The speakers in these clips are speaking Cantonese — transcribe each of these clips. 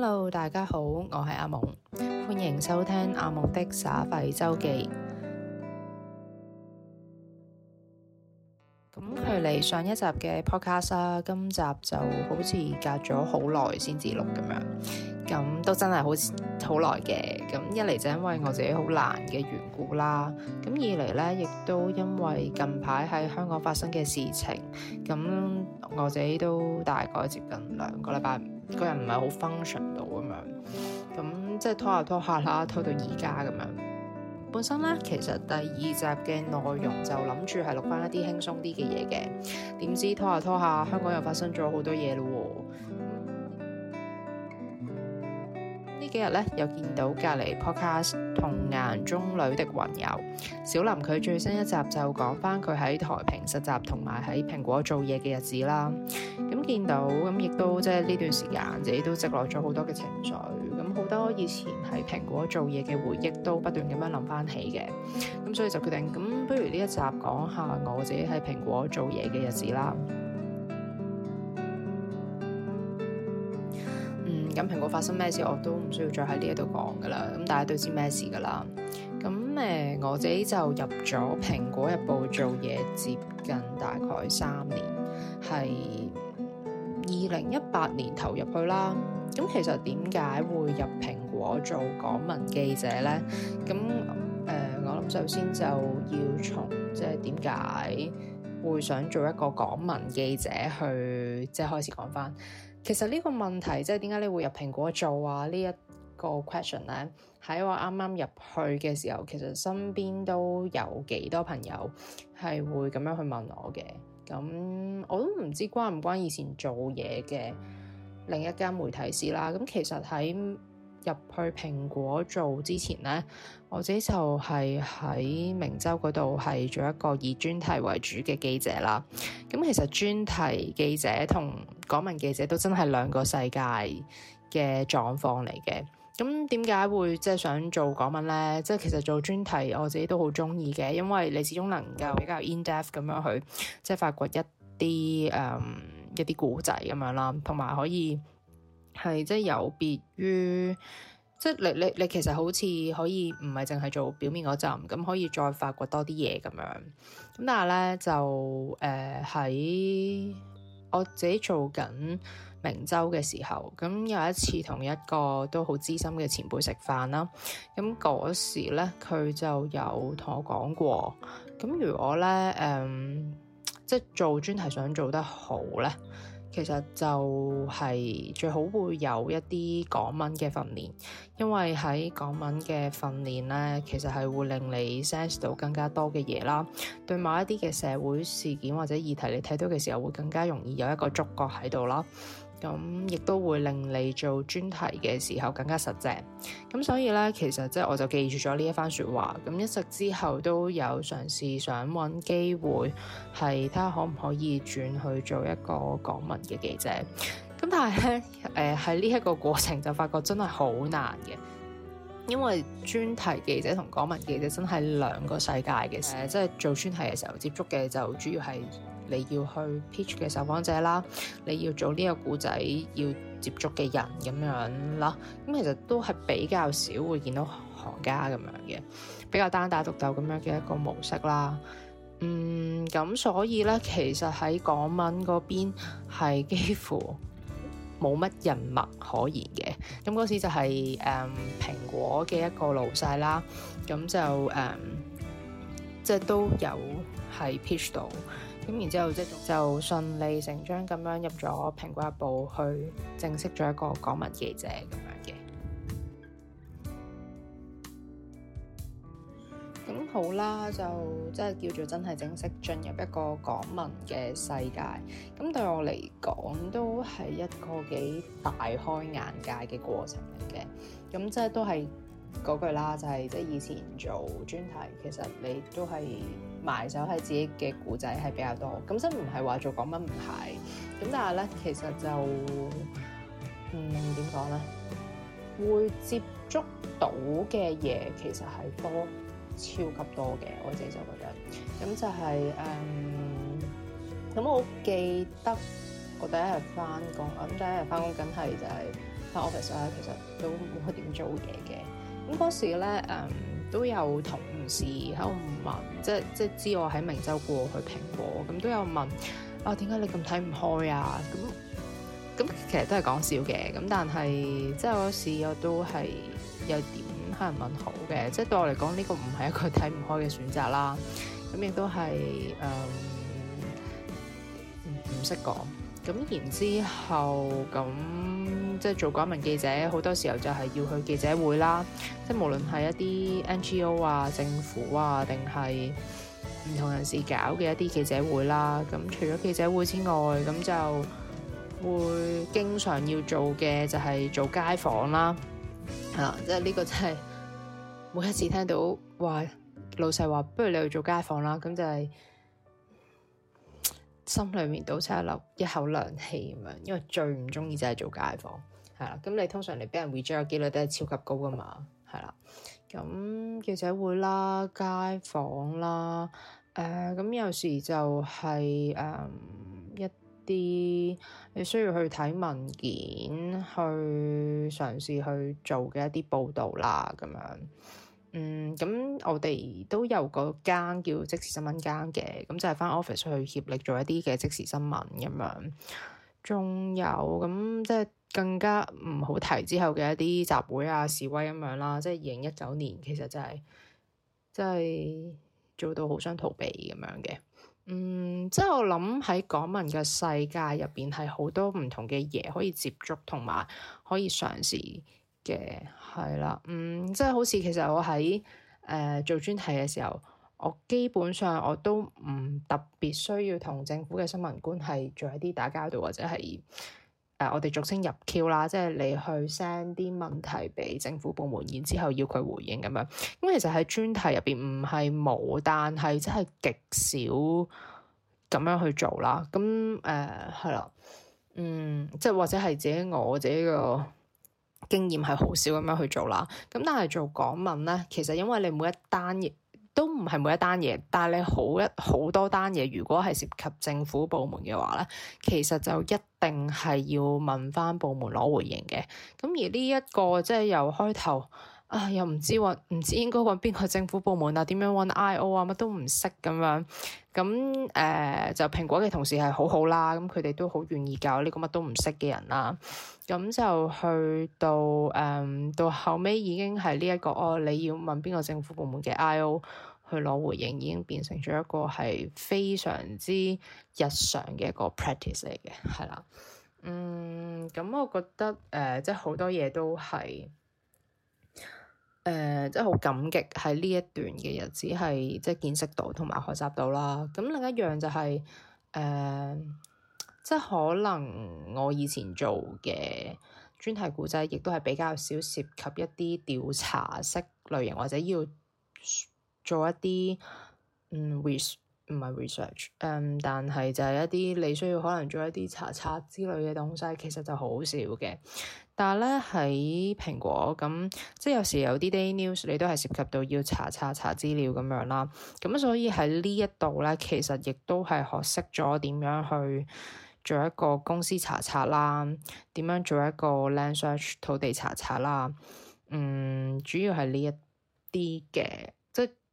Hello，大家好，我係阿夢，歡迎收聽阿夢的灑費周記。咁，距離上一集嘅 podcast 啦、啊，今集就好似隔咗好耐先至錄咁樣，咁都真係好好耐嘅。咁一嚟就因為我自己好難嘅緣故啦，咁二嚟呢亦都因為近排喺香港發生嘅事情，咁我自己都大概接近兩個禮拜，個人唔係好 function 到咁樣，咁即係拖下拖下啦，拖到而家咁樣。本身咧，其實第二集嘅內容就諗住係錄翻一啲輕鬆啲嘅嘢嘅，點知拖下拖下，香港又發生咗好多嘢咯喎。呢、嗯、幾日咧，又見到隔離 podcast 同《眼中女的雲遊》小林佢最新一集就講翻佢喺台北實習同埋喺蘋果做嘢嘅日子啦。見到咁，亦都即係呢段時間自己都積落咗好多嘅情緒，咁好多以前喺蘋果做嘢嘅回憶都不斷咁樣諗翻起嘅，咁所以就決定咁，不如呢一集講下我自己喺蘋果做嘢嘅日子啦。嗯，咁蘋果發生咩事我都唔需要再喺呢一度講噶啦，咁大家都知咩事噶啦。咁誒、呃，我自己就入咗蘋果日報做嘢，接近大概三年，係。二零一八年投入去啦，咁其實點解會入蘋果做港聞記者咧？咁誒、呃，我諗首先就要從即係點解會想做一個港聞記者去即係開始講翻。其實呢個問題即係點解你會入蘋果做啊？這個，呢一個 question 咧，喺我啱啱入去嘅時候，其實身邊都有幾多朋友係會咁樣去問我嘅。咁我都唔知關唔關以前做嘢嘅另一間媒體事啦。咁其實喺入去蘋果做之前呢，我自己就係喺明州嗰度係做一個以專題為主嘅記者啦。咁其實專題記者同港聞記者都真係兩個世界嘅狀況嚟嘅。咁點解會即係、就是、想做港聞咧？即、就、係、是、其實做專題我自己都好中意嘅，因為你始終能夠比較 in depth 咁樣去即係、就是、發掘一啲誒、嗯、一啲故仔咁樣啦，同埋可以係即係有別於即係、就是、你你你其實好似可以唔係淨係做表面嗰陣，咁可以再發掘多啲嘢咁樣。咁但係咧就誒喺、呃、我自己做緊明州嘅時候，咁有一次同一個都好資深嘅前輩食飯啦。咁嗰時咧，佢就有同我講過，咁如果咧，誒、嗯，即係做專題想做得好咧，其實就係最好會有一啲港聞嘅訓練，因為喺港聞嘅訓練咧，其實係會令你 sense 到更加多嘅嘢啦。對某一啲嘅社會事件或者議題你睇到嘅時候，會更加容易有一個觸覺喺度啦。咁亦都會令你做專題嘅時候更加實正。咁所以呢，其實即係我就記住咗呢一番説話。咁一時之後都有嘗試想揾機會係睇下可唔可以轉去做一個港聞嘅記者。咁但係呢，誒喺呢一個過程就發覺真係好難嘅，因為專題記者同港聞記者真係兩個世界嘅、呃、即係做專題嘅時候接觸嘅就主要係。你要去 pitch 嘅受訪者啦，你要做呢個故仔要接觸嘅人咁樣啦。咁、嗯、其實都係比較少會見到行家咁樣嘅，比較單打獨鬥咁樣嘅一個模式啦。嗯，咁所以呢，其實喺港聞嗰邊係幾乎冇乜人脈可言嘅。咁嗰時就係、是、誒、嗯、蘋果嘅一個老細啦，咁就誒即係都有喺 pitch 度。咁然之後，即就順理成章咁樣入咗《蘋果日報》，去正式做一個港聞記者咁樣嘅。咁 好啦，就即係叫做真係正式進入一個港聞嘅世界。咁對我嚟講，都係一個幾大開眼界嘅過程嚟嘅。咁即係都係。嗰句啦，就係即係以前做專題，其實你都係埋手喺自己嘅故仔係比較多，咁真唔係話做講乜唔係，咁但係咧其實就，嗯點講咧，會接觸到嘅嘢其實係多，超級多嘅，我自己就覺得，咁就係誒，咁我記得我第一日返工啊，咁第一日返工梗係就係返 office 啦，其實都冇乜點做嘢嘅。咁嗰時咧，誒、嗯、都有同事喺度問，即係即係知我喺明州過去蘋果，咁都有問啊點解你咁睇唔開啊？咁咁其實都係講笑嘅，咁但係即係嗰時我都係又點可能問好嘅，即係對我嚟講呢個唔係一個睇唔開嘅選擇啦，咁亦都係誒唔識講，咁、嗯、然之後咁。即係做港聞記者，好多時候就係要去記者會啦，即係無論係一啲 NGO 啊、政府啊，定係唔同人士搞嘅一啲記者會啦。咁除咗記者會之外，咁就會經常要做嘅就係做街訪啦、啊、係、嗯、啦，即係呢個真係每一次聽到話、wow, 老細話不如你去做街訪啦，咁就係、是。心裏面倒抽一嚿一口涼氣咁樣，因為最唔中意就係做街訪，係啦。咁你通常你俾人 reject 嘅機率都係超級高噶嘛，係啦。咁記者會啦，街訪啦，誒、呃、咁有時就係、是、誒、嗯、一啲你需要去睇文件去嘗試去做嘅一啲報道啦，咁樣。嗯，咁我哋都有個間叫即時新聞間嘅，咁就係返 office 去協力做一啲嘅即時新聞咁樣。仲有咁即係更加唔好提之後嘅一啲集會啊、示威咁樣啦。即係二零一九年其實就係真係做到好想逃避咁樣嘅。嗯，即係我諗喺港聞嘅世界入邊係好多唔同嘅嘢可以接觸同埋可以嘗試。嘅係啦，嗯，即係好似其實我喺誒、呃、做專題嘅時候，我基本上我都唔特別需要同政府嘅新聞官係做一啲打交道，或者係誒、呃、我哋俗稱入 Q 啦，即係你去 send 啲問題俾政府部門，然之後要佢回應咁樣。咁其實喺專題入邊唔係冇，但係真係極少咁樣去做啦。咁誒係啦，嗯，即係或者係自己我自己個。經驗係好少咁樣去做啦，咁但係做訪問咧，其實因為你每一單嘢都唔係每一單嘢，但係你好一好多單嘢，如果係涉及政府部門嘅話咧，其實就一定係要問翻部門攞回應嘅。咁而呢、這、一個即係、就是、由開頭。啊！又唔知揾唔知應該揾邊個政府部門啊？點樣揾 I/O 啊？乜都唔識咁樣咁誒、呃，就蘋果嘅同事係好好啦，咁佢哋都好願意教呢個乜都唔識嘅人啦、啊。咁就去到誒、嗯、到後尾已經係呢一個哦，你要問邊個政府部門嘅 I/O 去攞回應，已經變成咗一個係非常之日常嘅一個 practice 嚟嘅，係啦。嗯，咁我覺得誒、呃，即係好多嘢都係。誒、呃，即係好感激喺呢一段嘅日子，係即係見識到同埋學習到啦。咁另一樣就係、是，誒、呃，即係可能我以前做嘅專題古仔，亦都係比較少涉及一啲調查式類型，或者要做一啲嗯。唔係 research，誒，但係就係一啲你需要可能做一啲查冊之類嘅東西，其實就好少嘅。但係咧喺蘋果，咁即係有時有啲 day news，你都係涉及到要查查查資料咁樣啦。咁所以喺呢一度咧，其實亦都係學識咗點樣去做一個公司查冊啦，點樣做一個 land search 土地查冊啦。嗯，主要係呢一啲嘅。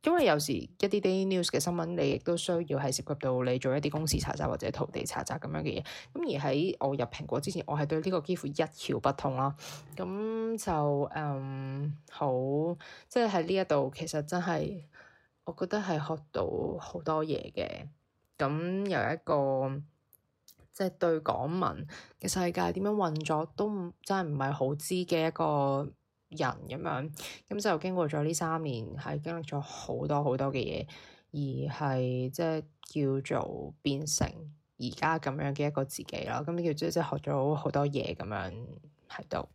因為有時一啲 daily news 嘅新聞，你亦都需要係涉及到你做一啲公司查冊或者土地查冊咁樣嘅嘢。咁而喺我入蘋果之前，我係對呢個幾乎一竅不通咯。咁就誒、嗯、好，即係喺呢一度其實真係我覺得係學到好多嘢嘅。咁又一個即係、就是、對港聞嘅世界點樣運作都真係唔係好知嘅一個。人咁樣，咁就經過咗呢三年，係經歷咗好多好多嘅嘢，而係即係叫做變成而家咁樣嘅一個自己啦。咁你叫即係學咗好多嘢咁樣喺度。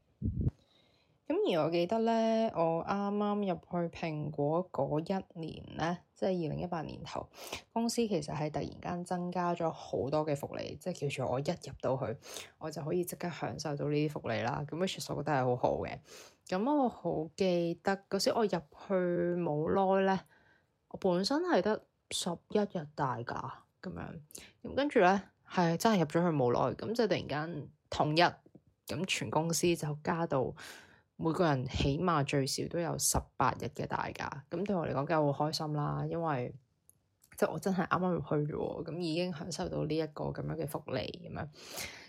咁而我記得咧，我啱啱入去蘋果嗰一年咧，即係二零一八年頭，公司其實係突然間增加咗好多嘅福利，即係叫做我一入到去，我就可以即刻享受到呢啲福利啦。咁我確實覺得係好好嘅。咁我好記得嗰時我入去冇耐咧，我本身係得十一日大假咁樣，咁跟住咧係真係入咗去冇耐，咁就突然間統一，咁全公司就加到每個人起碼最少都有十八日嘅大假，咁對我嚟講梗係好開心啦，因為即係、就是、我真係啱啱入去啫喎，咁已經享受到呢一個咁樣嘅福利咁樣。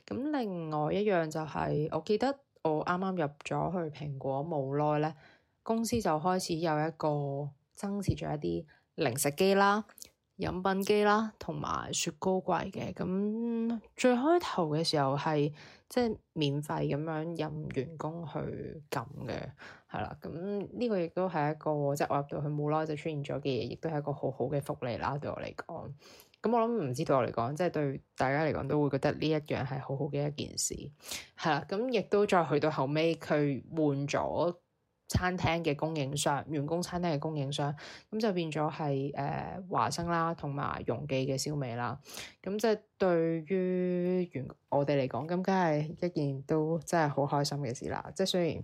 咁另外一樣就係、是、我記得。我啱啱入咗去蘋果冇耐咧，公司就開始有一個增設咗一啲零食機啦、飲品機啦，同埋雪糕櫃嘅。咁最開頭嘅時候係即係免費咁樣任員工去撳嘅，係啦。咁呢個亦都係一個即係、就是、我入到去冇耐就出現咗嘅嘢，亦都係一個好好嘅福利啦，對我嚟講。咁、嗯、我諗唔知道，我嚟講，即係對大家嚟講都會覺得呢一樣係好好嘅一件事，係啦。咁、嗯、亦都再去到後尾，佢換咗餐廳嘅供應商，員工餐廳嘅供應商，咁、嗯、就變咗係誒華生啦，同埋容記嘅燒味啦。咁、嗯、即係對於員我哋嚟講，咁梗係一件都真係好開心嘅事啦。即係雖然。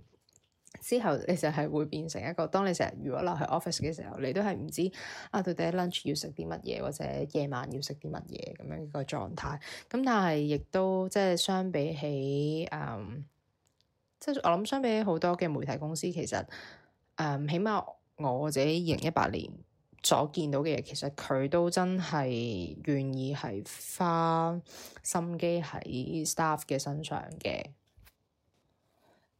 之後你就係會變成一個，當你成日如果落去 office 嘅時候，你都係唔知啊到底 lunch 要食啲乜嘢，或者夜晚要食啲乜嘢咁樣一個狀態。咁但係亦都即係相比起，嗯，即係我諗相比起好多嘅媒體公司，其實，誒起碼我自己二零一八年所見到嘅嘢，其實佢都真係願意係花心機喺 staff 嘅身上嘅。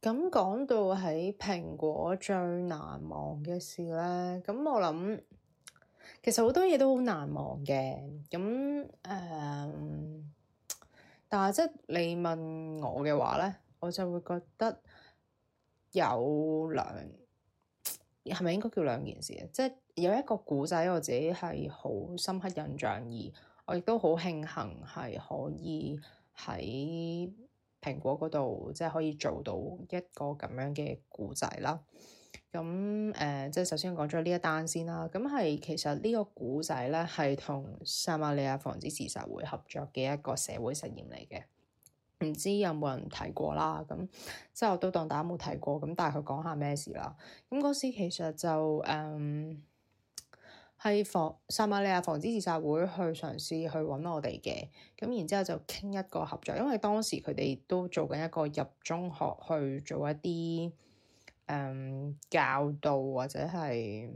咁講到喺蘋果最難忘嘅事咧，咁我諗其實好多嘢都好難忘嘅。咁誒、呃，但係即係你問我嘅話咧，我就會覺得有兩，係咪應該叫兩件事啊？即係有一個故仔我自己係好深刻印象，而我亦都好慶幸係可以喺。蘋果嗰度即係可以做到一個咁樣嘅故仔啦，咁誒、呃、即係首先講咗呢一單先啦，咁係其實個呢個古仔咧，係同撒瑪利亞防止自殺會合作嘅一個社會實驗嚟嘅。唔知有冇人提過啦，咁即係我都當大家冇提過，咁但係佢講下咩事啦，咁嗰時其實就誒。嗯係防撒瑪利亞防止自殺會去嘗試去揾我哋嘅，咁，然之後就傾一個合作。因為當時佢哋都做緊一個入中學去做一啲誒、嗯、教導，或者係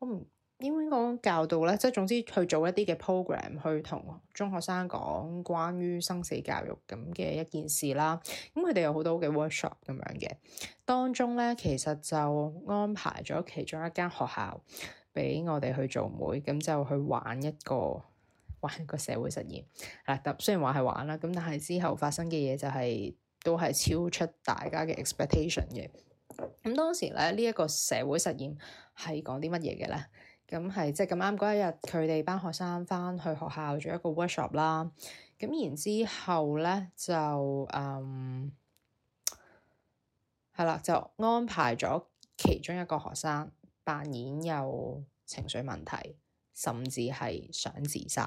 我唔應該講教導咧，即係總之去做一啲嘅 program 去同中學生講關於生死教育咁嘅一件事啦。咁佢哋有好多嘅 workshop 咁樣嘅，當中咧其實就安排咗其中一間學校。俾我哋去做媒，咁就去玩一個玩一個社會實驗係啦。雖然話係玩啦，咁但係之後發生嘅嘢就係、是、都係超出大家嘅 expectation 嘅。咁當時咧呢一、這個社會實驗係講啲乜嘢嘅咧？咁係即係咁啱嗰一日，佢哋班學生翻去學校做一個 workshop 啦。咁然之後咧就，嗯，係啦，就安排咗其中一個學生。扮演有情緒問題，甚至係想自殺，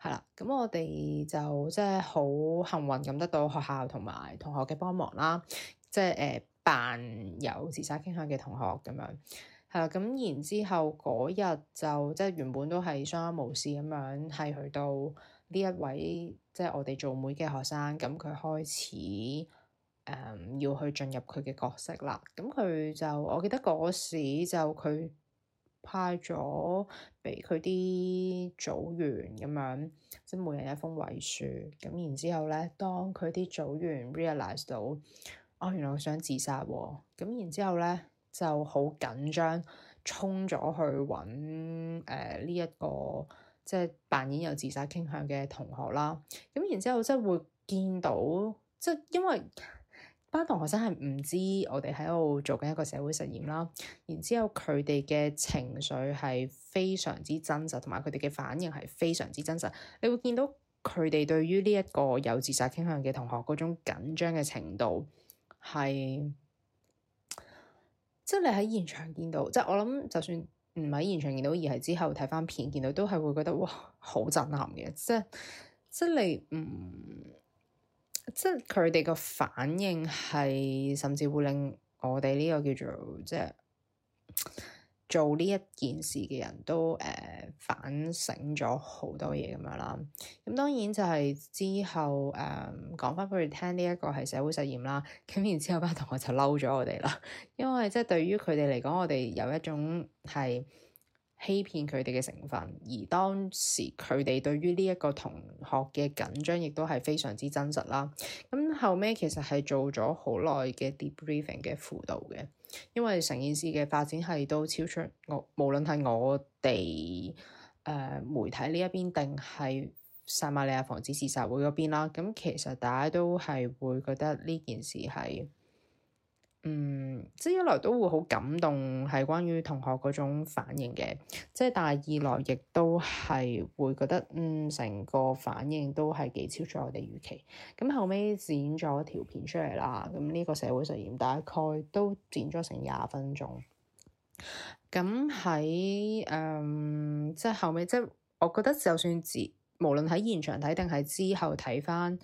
係啦。咁我哋就即係好幸運咁得到學校同埋同學嘅幫忙啦。即係誒、呃、扮有自殺傾向嘅同學咁樣，係啦。咁然之後嗰日就即係原本都係相安無事咁樣，係去到呢一位即係我哋做妹嘅學生，咁佢開始。誒、嗯、要去進入佢嘅角色啦，咁佢就我記得嗰時就佢派咗俾佢啲組員咁樣，即、就、係、是、每人一封遺書，咁然之後咧，當佢啲組員 realize 到，哦原來我想自殺喎、啊，咁然之後咧就好緊張，衝咗去揾誒呢一個即係、就是、扮演有自殺傾向嘅同學啦，咁然之後即係會見到，即、就、係、是、因為。班同學真係唔知我哋喺度做緊一個社會實驗啦，然之後佢哋嘅情緒係非常之真實，同埋佢哋嘅反應係非常之真實。你會見到佢哋對於呢一個有自殺傾向嘅同學嗰種緊張嘅程度，係即係你喺現場見到，即係我諗，就算唔係喺現場見到，而係之後睇翻片見到，都係會覺得哇，好震撼嘅，即係即係你嗯。即係佢哋個反應係，甚至會令我哋呢個叫做即係做呢一件事嘅人都誒、呃、反省咗好多嘢咁樣啦。咁、嗯、當然就係之後誒講翻俾佢聽呢一個係社會實驗啦。咁然後之後班同學就嬲咗我哋啦，因為即係對於佢哋嚟講，我哋有一種係。欺騙佢哋嘅成分，而當時佢哋對於呢一個同學嘅緊張，亦都係非常之真實啦。咁後尾其實係做咗好耐嘅 debriefing 嘅輔導嘅，因為成件事嘅發展係都超出我，無論係我哋誒、呃、媒體呢一邊，定係撒瑪利亞防止自殺會嗰邊啦。咁其實大家都係會覺得呢件事係。嗯，即係一來都會好感動，係關於同學嗰種反應嘅，即係但二來亦都係會覺得，嗯，成個反應都係幾超出我哋預期。咁、嗯、後尾剪咗條片出嚟啦，咁呢個社會實驗大概都剪咗成廿分鐘。咁喺誒，即係後尾，即係我覺得，就算自無論喺現場睇定係之後睇翻，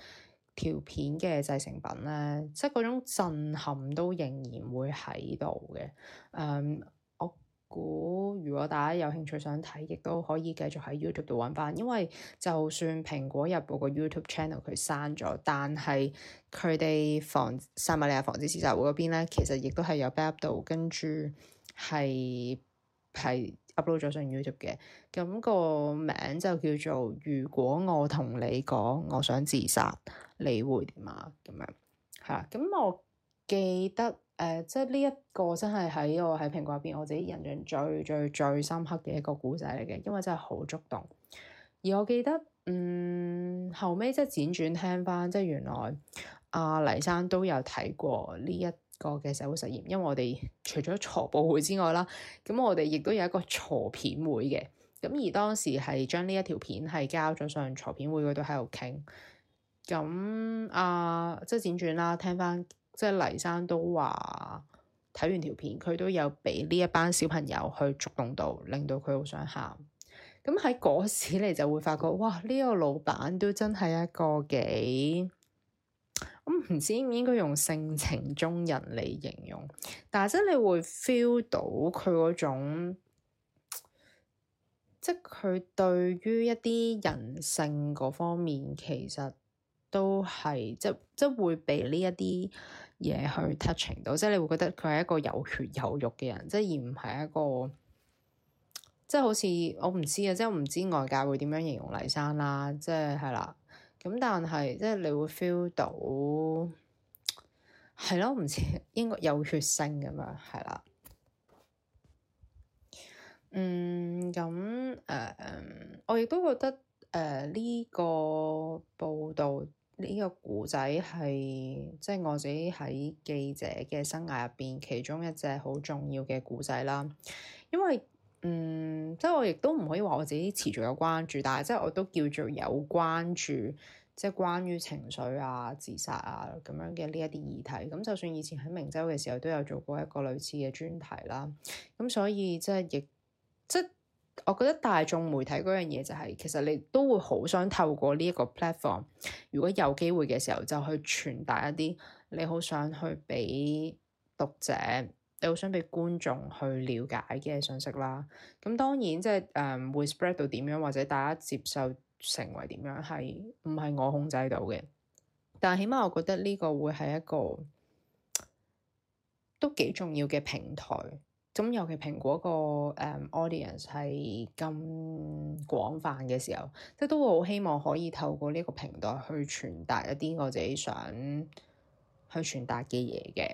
條片嘅製成品咧，即係嗰種震撼都仍然會喺度嘅。誒、嗯，我估如果大家有興趣想睇，亦都可以繼續喺 YouTube 度揾翻，因為就算《蘋果日報》個 YouTube channel 佢刪咗，但係佢哋防撒瑪利亞防止自殺會嗰邊咧，其實亦都係有 back 到，跟住係係。upload 咗上 YouTube 嘅，咁個名就叫做如果我同你講我想自殺，你會點啊？咁樣係啦，咁 我記得誒，即係呢一個真係喺我喺蘋果入邊，我自己印象最，最最最深刻嘅一個故仔嚟嘅，因為真係好觸動。而我記得嗯後尾即係輾轉聽翻，即係原來阿黎生都有睇過呢一個嘅社會實驗，因為我哋除咗籌報會之外啦，咁我哋亦都有一個籌片會嘅。咁而當時係將呢一條片係交咗上籌片會，嗰度喺度傾。咁、呃、啊，即係輾轉啦，聽翻即係黎生都話睇完條片，佢都有俾呢一班小朋友去觸動到，令到佢好想喊。咁喺嗰時你就會發覺，哇！呢、這個老闆都真係一個幾～咁唔知應唔應該用性情中人嚟形容，但係即係你會 feel 到佢嗰種，即係佢對於一啲人性嗰方面，其實都係即即會被呢一啲嘢去 touch 到，即係你會覺得佢係一個有血有肉嘅人，即係而唔係一個即係好似我唔知啊，即係我唔知外界會點樣形容黎生啦，即係係啦。咁但係，即係你會 feel 到，係咯，唔知應該有血腥咁樣，係啦。嗯，咁誒、呃，我亦都覺得誒呢、呃呢個報道呢、呢個故仔係，即、就、係、是、我自己喺記者嘅生涯入邊其中一隻好重要嘅故仔啦，因為。嗯，即係我亦都唔可以話我自己持續有關注，但係即係我都叫做有關注，即係關於情緒啊、自殺啊咁樣嘅呢一啲議題。咁就算以前喺明州嘅時候都有做過一個類似嘅專題啦。咁所以即係亦即係，我覺得大眾媒體嗰樣嘢就係、是，其實你都會好想透過呢一個 platform，如果有機會嘅時候就去傳達一啲你好想去俾讀者。我想俾觀眾去了解嘅信息啦。咁當然即係誒、嗯、會 spread 到點樣，或者大家接受成為點樣，係唔係我控制到嘅？但係起碼我覺得呢個會係一個都幾重要嘅平台。咁尤其蘋果個誒、嗯、audience 係咁廣泛嘅時候，即係都會好希望可以透過呢一個平台去傳達一啲我自己想去傳達嘅嘢嘅。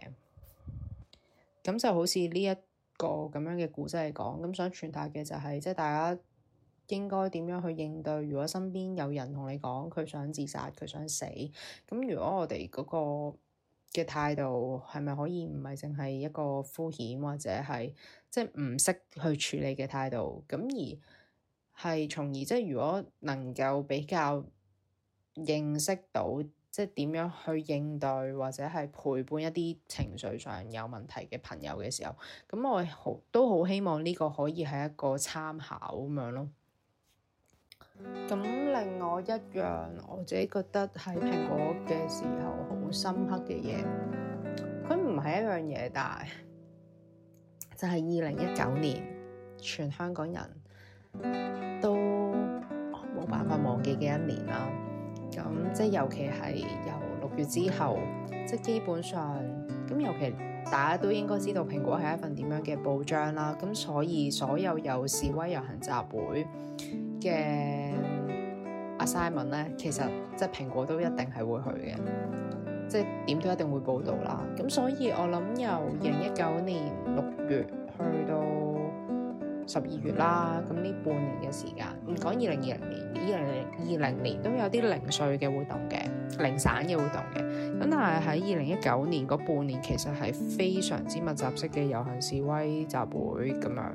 咁就好似呢一個咁樣嘅故仔嚟講，咁想傳達嘅就係即係大家應該點樣去應對？如果身邊有人同你講佢想自殺、佢想死，咁如果我哋嗰個嘅態度係咪可以唔係淨係一個敷衍或者係即係唔識去處理嘅態度？咁而係從而即係如果能夠比較認識到。即係點樣去應對或者係陪伴一啲情緒上有問題嘅朋友嘅時候，咁我好都好希望呢個可以係一個參考咁樣咯。咁另外一樣我自己覺得喺蘋果嘅時候好深刻嘅嘢，佢唔係一樣嘢，但係就係二零一九年全香港人都冇辦法忘記嘅一年啦。咁即係尤其係由六月之後，即係基本上，咁尤其大家都應該知道蘋果係一份點樣嘅報章啦。咁所以所有有示威遊行集會嘅 assignment 咧，其實即係蘋果都一定係會去嘅，即係點都一定會報導啦。咁所以我諗由二零一九年六月去到十二月啦，咁呢半年嘅時間，唔講二零二零年，二零二零年都有啲零碎嘅活動嘅，零散嘅活動嘅。咁但係喺二零一九年嗰半年，其實係非常之密集式嘅遊行示威集會咁樣。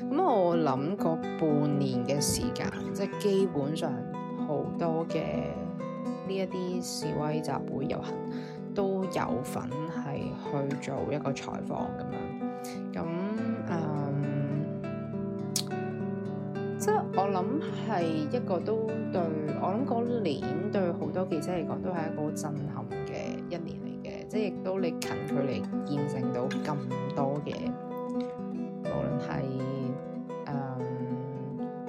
咁我諗個半年嘅時間，即係基本上好多嘅呢一啲示威集會遊行都有份係去做一個採訪咁樣咁。即係我諗係一個都對我諗嗰年對好多記者嚟講都係一個震撼嘅一年嚟嘅，即係亦都你近距離見證到咁多嘅，無論係誒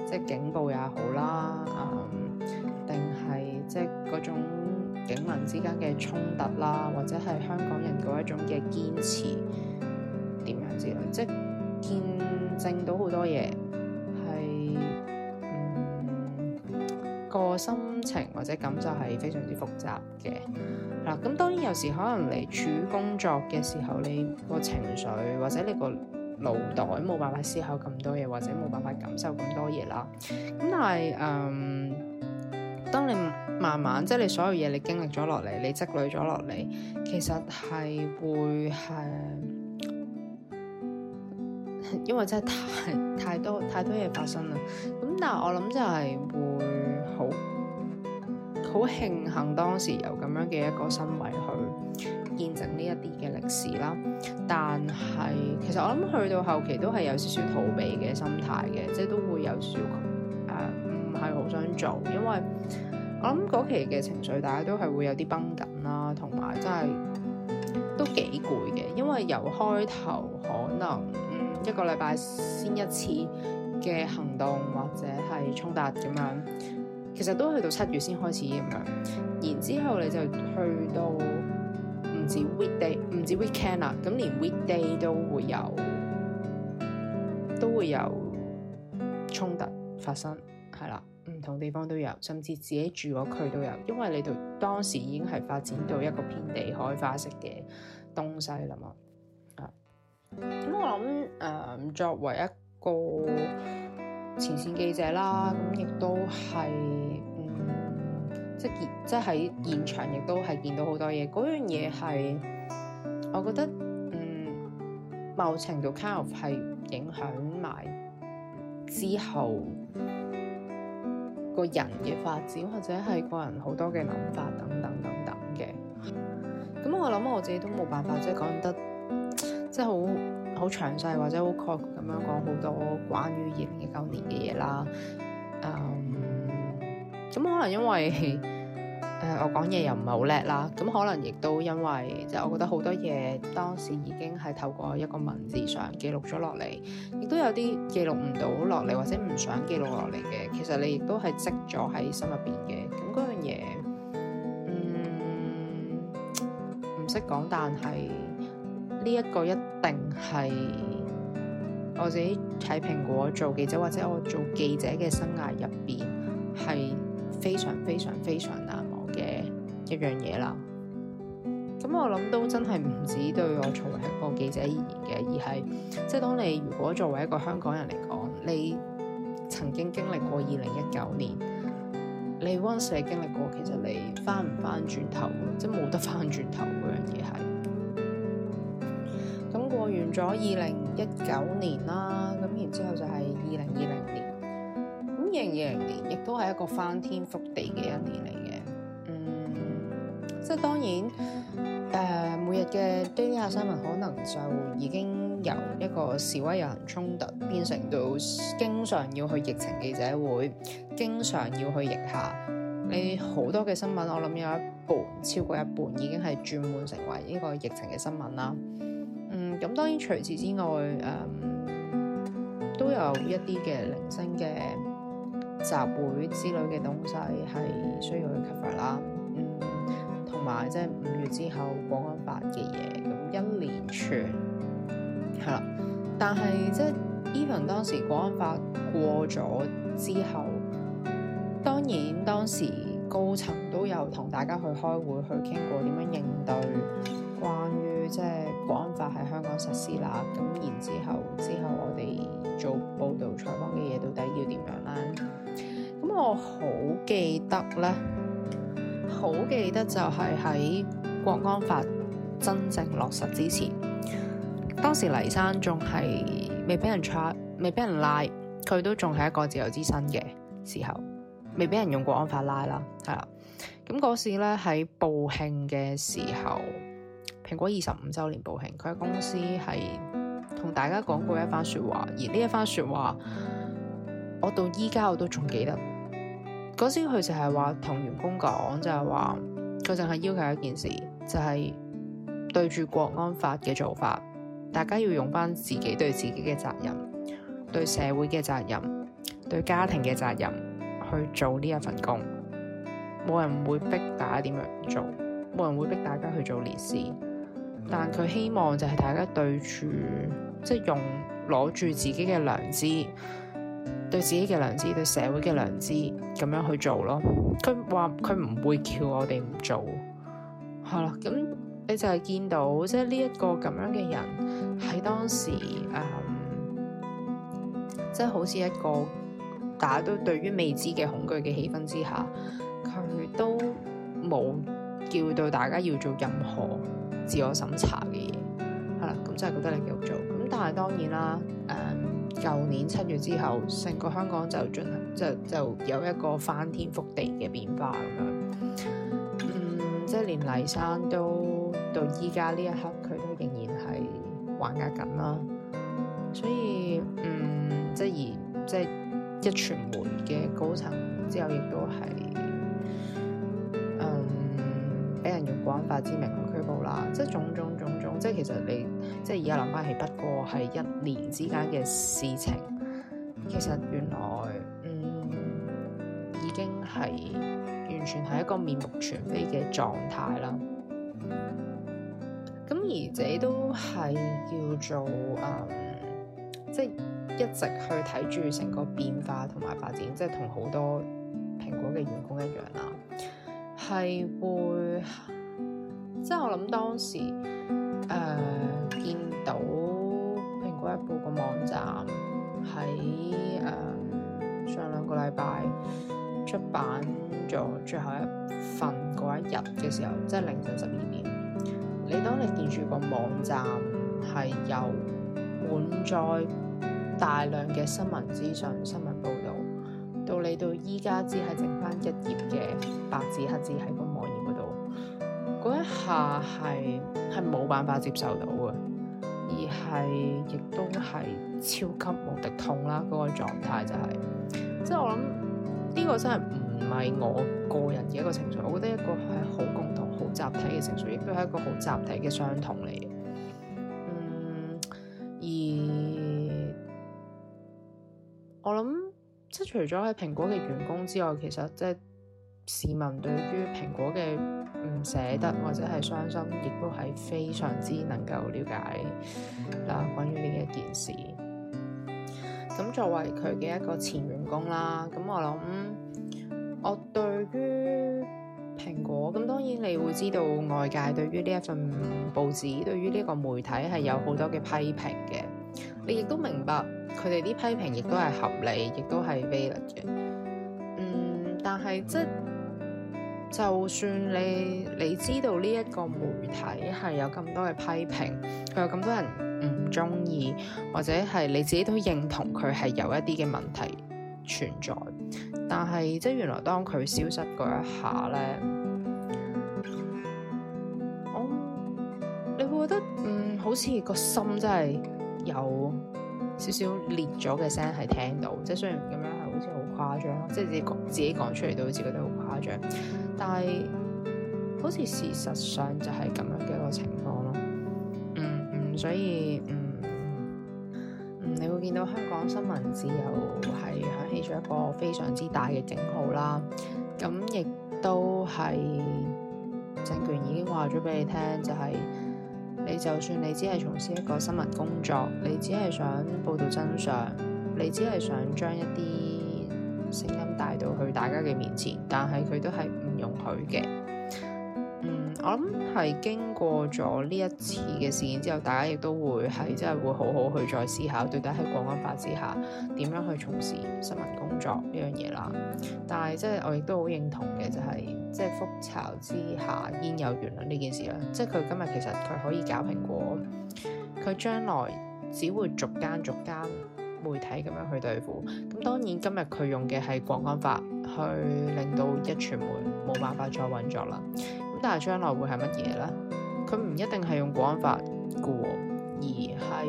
即係警暴也好啦，誒定係即係嗰種警民之間嘅衝突啦，或者係香港人嗰一種嘅堅持點樣之類，即係見證到好多嘢。個心情或者感受係非常之複雜嘅嗱。咁、啊、當然有時可能你處工作嘅時候，你個情緒或者你個腦袋冇辦法思考咁多嘢，或者冇辦法感受咁多嘢啦。咁、嗯、但係誒、嗯，當你慢慢即係、就是、你所有嘢，你經歷咗落嚟，你積累咗落嚟，其實係會係，因為真係太太多太多嘢發生啦。咁、嗯、但係我諗就係會。好，好慶幸當時由咁樣嘅一個身位去見證呢一啲嘅歷史啦。但係其實我諗去到後期都係有少少逃避嘅心態嘅，即係都會有少誒，唔係好想做，因為我諗嗰期嘅情緒，大家都係會有啲繃緊啦，同埋真係都幾攰嘅，因為由開頭可能、嗯、一個禮拜先一次嘅行動或者係衝突咁樣。其實都去到七月先開始咁樣，然之後你就去到唔止 weekday，唔止 weekend 啦，咁連 weekday 都會有都會有衝突發生，係啦，唔同地方都有，甚至自己住嗰區都有，因為你度當時已經係發展到一個遍地開花式嘅東西啦嘛，啊！咁我諗誒、呃、作為一個。前線記者啦，咁亦都係，嗯，即係，即喺現場，亦都係見到好多嘢。嗰樣嘢係，我覺得，嗯，某程度 kind of 係影響埋之後個人嘅發展，或者係個人好多嘅諗法等等等等嘅。咁我諗我自己都冇辦法，即講得，即好。好詳細或者好確咁樣講好多關於二零一九年嘅嘢啦，嗯，咁可能因為誒、 呃、我講嘢又唔係好叻啦，咁可能亦都因為即係、就是、我覺得好多嘢當時已經係透過一個文字上記錄咗落嚟，亦都有啲記錄唔到落嚟或者唔想記錄落嚟嘅，其實你亦都係積咗喺心入邊嘅，咁嗰樣嘢，嗯，唔識講，但係。呢一個一定係我自己喺蘋果做記者，或者我做記者嘅生涯入邊，係非常非常非常難忘嘅一樣嘢啦。咁、嗯、我諗都真係唔止對我作為一個記者而言嘅，而係即係當你如果作為一個香港人嚟講，你曾經經歷過二零一九年，你 once 你經歷過，其實你翻唔翻轉頭即係冇得翻轉頭嗰樣嘢係。完咗二零一九年啦，咁然之後就係二零二零年，咁二零二零年亦都係一個翻天覆地嘅一年嚟嘅。嗯，即係當然，誒、呃，每日嘅東亞新聞可能就已經由一個示威遊行衝突，變成到經常要去疫情記者會，經常要去疫下，你好多嘅新聞，我諗有一半，超過一半已經係轉換成為呢個疫情嘅新聞啦。咁當然除此之外，誒、嗯、都有一啲嘅零星嘅集會之類嘅東西係需要去 cover 啦、嗯。嗯，同埋、就是、即係五月之後《國安法》嘅嘢，咁一連串，係啦。但係即係 even 當時《國安法》過咗之後，當然當時高層都有同大家去開會去傾過點樣應對。記得呢，好記得就係喺國安法真正落實之前，當時黎生仲係未俾人 check，未俾人拉，佢都仲係一個自由之身嘅時候，未俾人用國安法拉啦。係啦，咁嗰時呢，喺報慶嘅時候，蘋果二十五周年報慶，佢喺公司係同大家講過一番說話，而呢一番說話，我到依家我都仲記得。嗰時佢就係話同員工講，就係話佢淨係要求一件事，就係、是、對住國安法嘅做法，大家要用翻自己對自己嘅責任、對社會嘅責任、對家庭嘅責任去做呢一份工。冇人會逼大家點樣做，冇人會逼大家去做烈士。但佢希望就係大家對住，即、就、係、是、用攞住自己嘅良知。對自己嘅良知，對社會嘅良知，咁樣去做咯。佢話佢唔會叫我哋唔做，係啦。咁你就係見到即係呢、嗯、一個咁樣嘅人喺當時誒，即係好似一個大家都對於未知嘅恐懼嘅氣氛之下，佢都冇叫到大家要做任何自我審查嘅嘢。係、嗯、啦，咁真係覺得你幾好做。咁但係當然啦，誒、嗯。舊年七月之後，成個香港就進行，就就有一個翻天覆地嘅變化咁樣。嗯，即係連黎生都到依家呢一刻，佢都仍然係還押緊啦。所以，嗯，即係而即係一傳媒嘅高層之後，亦都係嗯俾人用國安法之名去拘捕啦。即係種種。嗯、即係其實你，即係而家諗翻起，不過係一年之間嘅事情，其實原來嗯已經係完全係一個面目全非嘅狀態啦。咁、嗯、而自己都係叫做誒、嗯，即係一直去睇住成個變化同埋發展，即係同好多蘋果嘅員工一樣啦，係會即係我諗當時。誒、uh, 見到《蘋果日報》個網站喺誒、uh, 上兩個禮拜出版咗最後一份嗰一日嘅時候，即係凌晨十二點，你當你見住個網站係由滿載大量嘅新聞資訊、新聞報道到你到依家只係剩翻一頁嘅白紙黑字喺嗰一下係係冇辦法接受到嘅，而係亦都係超級無敵痛啦！嗰個狀態就係，即係我諗呢個真係唔係我個人嘅一個情緒，我覺得一個係好共同、好集體嘅情緒，亦都係一個好集體嘅傷痛嚟嘅。嗯，而我諗即係除咗喺蘋果嘅員工之外，其實即係。市民對於蘋果嘅唔捨得或者係傷心，亦都係非常之能夠了解嗱，關於呢一件事。咁作為佢嘅一個前員工啦，咁我諗我對於蘋果，咁當然你會知道外界對於呢一份報紙，對於呢個媒體係有好多嘅批評嘅。你亦都明白佢哋啲批評亦都係合理，嗯、亦都係 valid 嘅。嗯，但係即。就算你你知道呢一個媒體係有咁多嘅批評，佢有咁多人唔中意，或者係你自己都認同佢係有一啲嘅問題存在，但係即係原來當佢消失嗰一下咧，我你會覺得嗯好似個心真係有少少裂咗嘅聲係聽到，即係雖然咁樣係好似好誇張咯，即係自己講自己講出嚟都好似覺得好。誇，但係好似事實上就係咁樣嘅一個情況咯，嗯嗯，所以嗯嗯你會見到香港新聞自由係響起咗一個非常之大嘅警號啦，咁亦都係政權已經話咗俾你聽就係、是、你就算你只係從事一個新聞工作，你只係想報道真相，你只係想將一啲。聲音帶到去大家嘅面前，但係佢都係唔容許嘅。嗯，我諗係經過咗呢一次嘅事件之後，大家亦都會係真係會好好去再思考到底喺《國安法》之下點樣去從事新聞工作呢樣嘢啦。但係即係我亦都好認同嘅，就係、是、即係覆巢之下焉有完卵呢件事啦。即係佢今日其實佢可以搞蘋果，佢將來只會逐間逐間。媒體咁樣去對付，咁當然今日佢用嘅係《國安法》去令到一傳門冇辦法再運作啦。咁但係將來會係乜嘢呢？佢唔一定係用《國安法》嘅，而係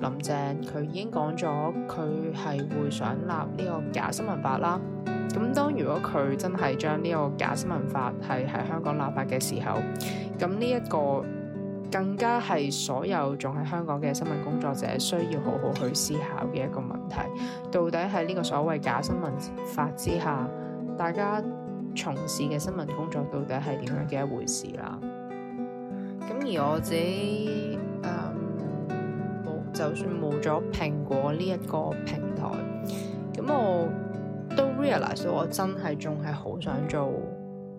林鄭佢已經講咗，佢係會想立呢個假新聞法啦。咁當如果佢真係將呢個假新聞法係喺香港立法嘅時候，咁呢一個。更加係所有仲喺香港嘅新聞工作者需要好好去思考嘅一個問題，到底係呢個所謂假新聞法之下，大家從事嘅新聞工作到底係點樣嘅一回事啦？咁而我自己、嗯、就算冇咗蘋果呢一個平台，咁我都 realise 我真係仲係好想做。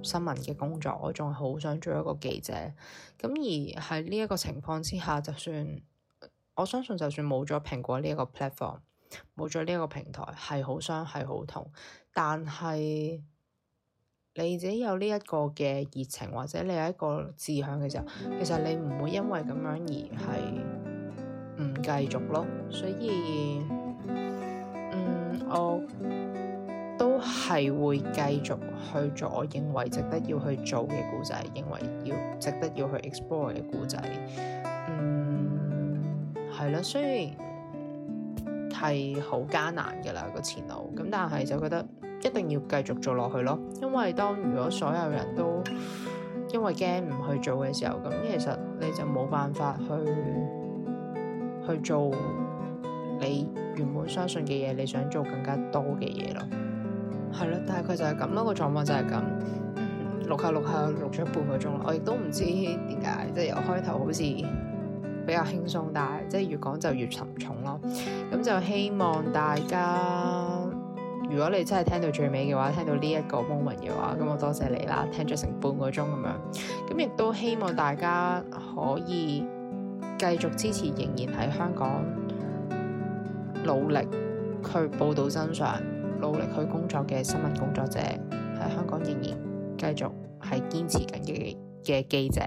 新聞嘅工作，我仲係好想做一個記者。咁而喺呢一個情況之下，就算我相信，就算冇咗蘋果呢一個 platform，冇咗呢一個平台，係好傷，係好痛。但係你自己有呢一個嘅熱情，或者你有一個志向嘅時候，其實你唔會因為咁樣而係唔繼續咯。所以，嗯，我係會繼續去做我認為值得要去做嘅故仔，認為要值得要去 explore 嘅故仔，嗯，係啦，雖然係好艱難噶啦個前路，咁但係就覺得一定要繼續做落去咯，因為當如果所有人都因為驚唔去做嘅時候，咁其實你就冇辦法去去做你原本相信嘅嘢，你想做更加多嘅嘢咯。係咯，大概就係咁咯，個狀況就係咁。錄下、嗯、錄下錄下，錄咗半個鐘啦，我亦都唔知點解，即係由開頭好似比較輕鬆，但係即係越講就越沉重咯。咁就希望大家，如果你真係聽到最尾嘅話，聽到呢一個 moment 嘅話，咁我多謝你啦，聽咗成半個鐘咁樣。咁亦都希望大家可以繼續支持，仍然喺香港努力去報道真相。努力去工作嘅新聞工作者，喺香港仍然繼續係堅持緊嘅嘅記者，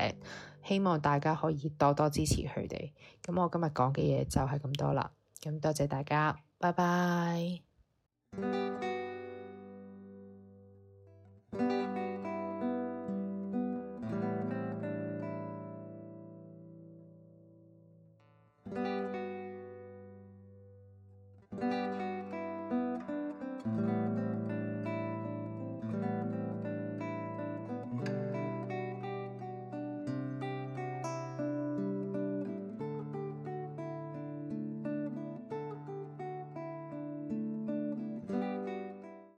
希望大家可以多多支持佢哋。咁我今日講嘅嘢就係咁多啦。咁多謝大家，拜拜。